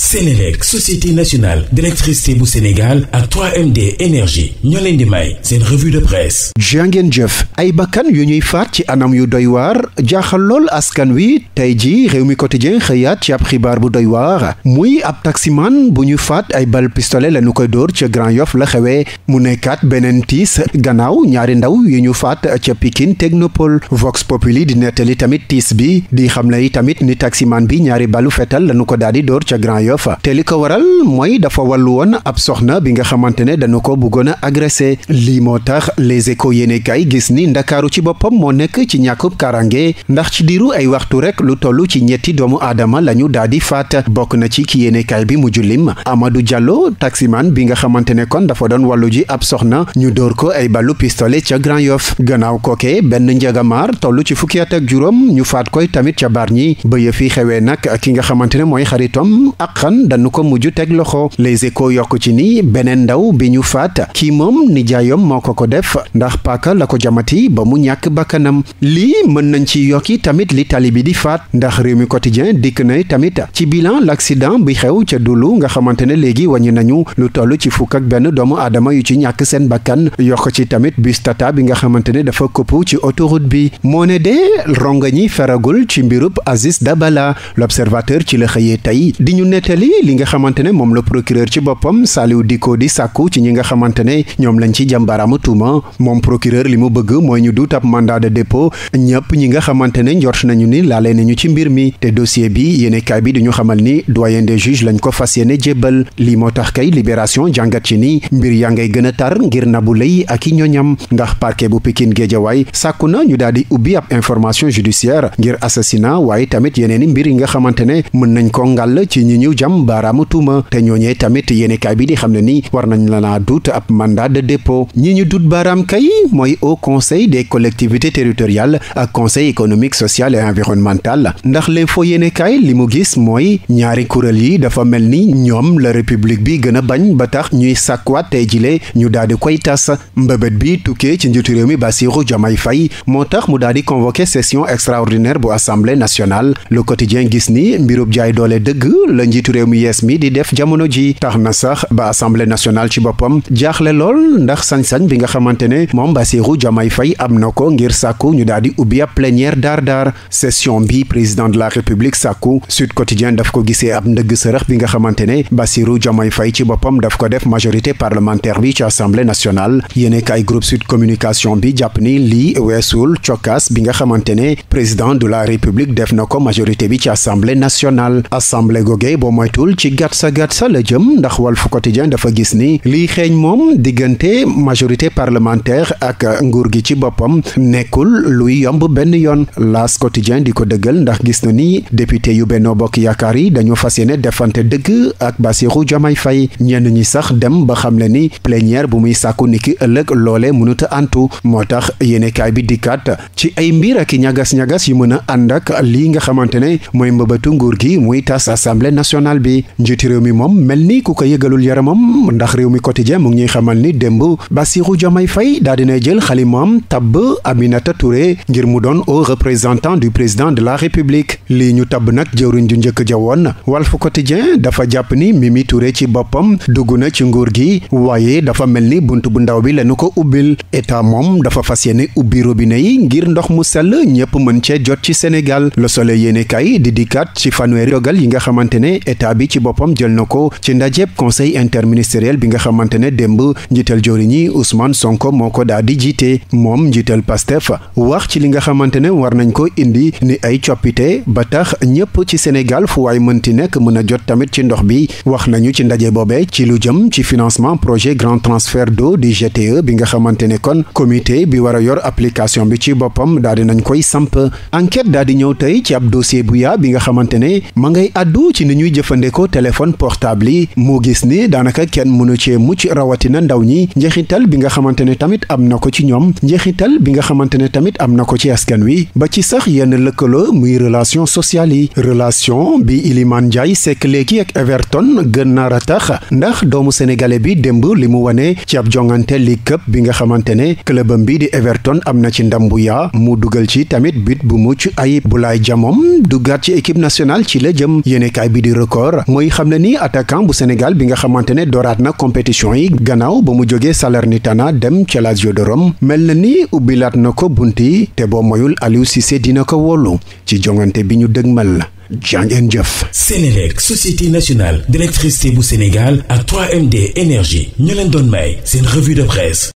Sénélec société nationale d'électricité bu Sénégal ak 3MD énergie ñoo leen di may seen revue de presse jàngeen jëf ay bakkan yu ñuy faat ci anam yu doy waar jaaxal lool askan wi tey ji réew mi quotidien xëyaat ci ab xibaar bu doy waar muy ab taximan bu ñu faat ay bal pistolet lañu ko dóor ca Grand Yoff la xewee mu nekkaat beneen tiis gannaaw ñaari ndaw yu ñu faat ca Pikine Technopole Vox Populi di nettali tamit tiis bi di xam ne yi tamit ni taximan bi ñaari balu fetal lañu ko daal di dóor ca Grand Yoff Yoff te li ko waral mooy dafa wàllu woon ab soxna bi nga xamante ne dañu ko bëggoon a agressé lii moo tax les échos yéene gis ni ndakaaru ci boppam moo nekk ci ñàkkub karange ndax ci diiru ay waxtu rek lu toll ci ñetti doomu aadama lañu daal di faat bokk na ci ki yéene bi mu jullim amadu Diallo taximan bi nga xamante ne kon dafa doon wàllu ji ab soxna ñu dóor ko ay ballu pistolet ca Grand Yoff gannaaw kooke benn njagamaar toll ci fukki at ak juróom ñu faat koy tamit ca Bargny ba yëf yi xewee ki nga xamante ne mooy xaritom dàqan dañu ko mujj teg loxo les échos yokk ci ni beneen ndaw bi ñu faat kii moom nijaayam moo ko ko def ndax paaka la ko jamati ba mu ñàkk bakkanam lii mën nañ ci yokki tamit li tali bi di faat ndax réew mi quotidien dikk na tamit ci bilan l'accident bi xew ca dulu nga xamante ne léegi wàññi nañu lu toll ci fukk ak benn doomu aadama yu ci ñàkk seen bakkan yokk ci tamit bus bi nga xamante ne dafa këpp ci autoroute bi moo ne de ronga ñi feragul ci mbirub Aziz Dabala l'observateur ci la xëyee tey fàttali li nga xamante ne moom la procureur ci boppam di ko di sàkku ci ñi nga xamante ne ñoom lañ ci jàmbaaraama tuuma moom procureur li mu bëgg mooy ñu duut ab mandat de dépôt ñëpp ñi nga xamante ne njort nañu ni laale nañu ci mbir mi te dossier bi yéenekaay bi duñu xamal ni doyen des juges lañ ko fas yéene jébbal lii moo tax kay libération jàngat ci nii mbir yaa ngay gën a tar ngir Nabou lay ak i ñoñam ndax parquet bu Pikine géejawaay sàkku na ñu daal di ubbi ab information judiciaire ngir assassinat waaye tamit yeneen i mbir yi nga xamante ne mën nañ ko ci ñi ñëw jam baaraamu tuuma te ñooñee tamit yéenekaay bi di xam ne ni war nañ la naa dut ab mandat de dépôt ñi ñu dut baaraam kay mooy au conseil des collectivités territoriales ak conseil économique social et environnemental ndax les fo yéenekaay li mu gis mooy ñaari kuréel yi dafa mel ni ñoom la république bi gën a bañ ba tax ñuy sàkkuwaat tey jile ñu daal di koy tas mbëbët bi tukkee ci njiitu réew mi Bassirou Diomaye Faye moo tax mu daal di convoqué session extraordinaire bu assemblée nationale le njiitu réew mi yees di def jamono ji tax na sax ba assemblée nationale ci boppam jaaxle lool ndax sañ-sañ bi nga xamante ne moom Bassirou Diomaye Faye am na ko ngir sàkku ñu daal di ubbi ab plénière daar daar session bi président de la république sàkku Sud Quotidien daf ko gisee ab ndëgg sërëx bi nga xamante ne Bassirou Diomaye Faye ci boppam daf ko def majorité parlementaire bi ci assemblée nationale yéene kay groupe Sud Communication bi jàpp ni lii weesul cokkaas bi nga xamante ne de la république bi ci assemblée nationale boo moytul sa gatsa sa la jëm ndax Walf Quotidien dafa gis ni liy xeeñ moom diggante majorité parlementaire ak nguur gi ci boppam nekkul luy yomb benn yoon L'As Quotidien di ko dëggal ndax gis na ni député yu Benno Bokk Yaakaar yi dañu fas yéene defante dëgg ak Bassirou Diomaye fay ñenn ñi sax dem ba xam le ni plénière bu muy sàkku niki ëllëg loole mënuta antu moo tax yéenekaay bi di dikkaat ci ay mbir ak ñagas-ñagas yu mën a ànd ak lii nga xamante gi national bi njiitu réew mi moom mel ni ku ko yëgalul yaramam ndax réew mi quotidien mu ngi ñuy xamal ni démb Bassirou Diomaye Faye daa dina jël xalimaam tabb Aminata Touré ngir mu doon au représentant du président de la république lii ñu tabb nag jëwriñ ju njëkk ja woon Walf Quotidien dafa jàpp ni Mimi Touré ci boppam dugg na ci nguur gi waaye dafa mel ni bunt bu ndaw bi lañu ko ubbil état moom dafa fas yéene ubbi robinet yi ngir ndox mu sell ñëpp mën cee jot ci Sénégal état bi ci boppam jël na ko ci ndajeb conseil interministériel bi nga xamante ne démb njiital jëwriñ yi Ousmane Sonko moo ko daal di jiite moom njiital fa wax ci li nga xamante ne war nañ ko indi ni ay coppite ba tax ñëpp ci Sénégal fu waay mënti nekk mën a jot tamit ci ndox bi wax nañu ci ndaje boobe ci lu jëm ci financement projet grand transfert do di GTE bi nga xamante ne kon comité bi war a yor application bi ci boppam daal di nañ koy samp enquête daal di ñëw tey ci ab bu yaa bi nga xamante jëfandikoo téléphone portable yi mu gis ni daanaka kenn mënu cee mucc rawatina ndaw ñi njeexital bi nga xamante ne tamit am na ko ci ñoom njeexital bi nga xamante ne tamit am na ko ci askan wi ba ci sax yenn lëkkaloo muy relation sociale yi relation bi Iliman Ndiaye sekk léegi ak Everton gën a ratax ndax doomu sénégalais bi démb li mu wane ci ab jongante League Cup bi nga xamante ne clubam bi di Everton am na ci ndam bu yaa mu dugal ci tamit bit bu mucc ayib Boulaye Dia moom ci équipe nationale ci la jëm bi record mooy xam ne ni attaquant bu Sénégal bi nga xamante ne doraat na compétition yi gannaaw ba mu jógee Salernitana dem ca Lazio de Rome mel na ni ubbilaat na ko bunt yi te boo moyul Aliou Cissé na ko wolu ci jongante bi ñu dëgmal jàngeen jëf Sénélec société nationale d'électricité bu Sénégal ak 3MD énergie ñu leen doon may seen revue de presse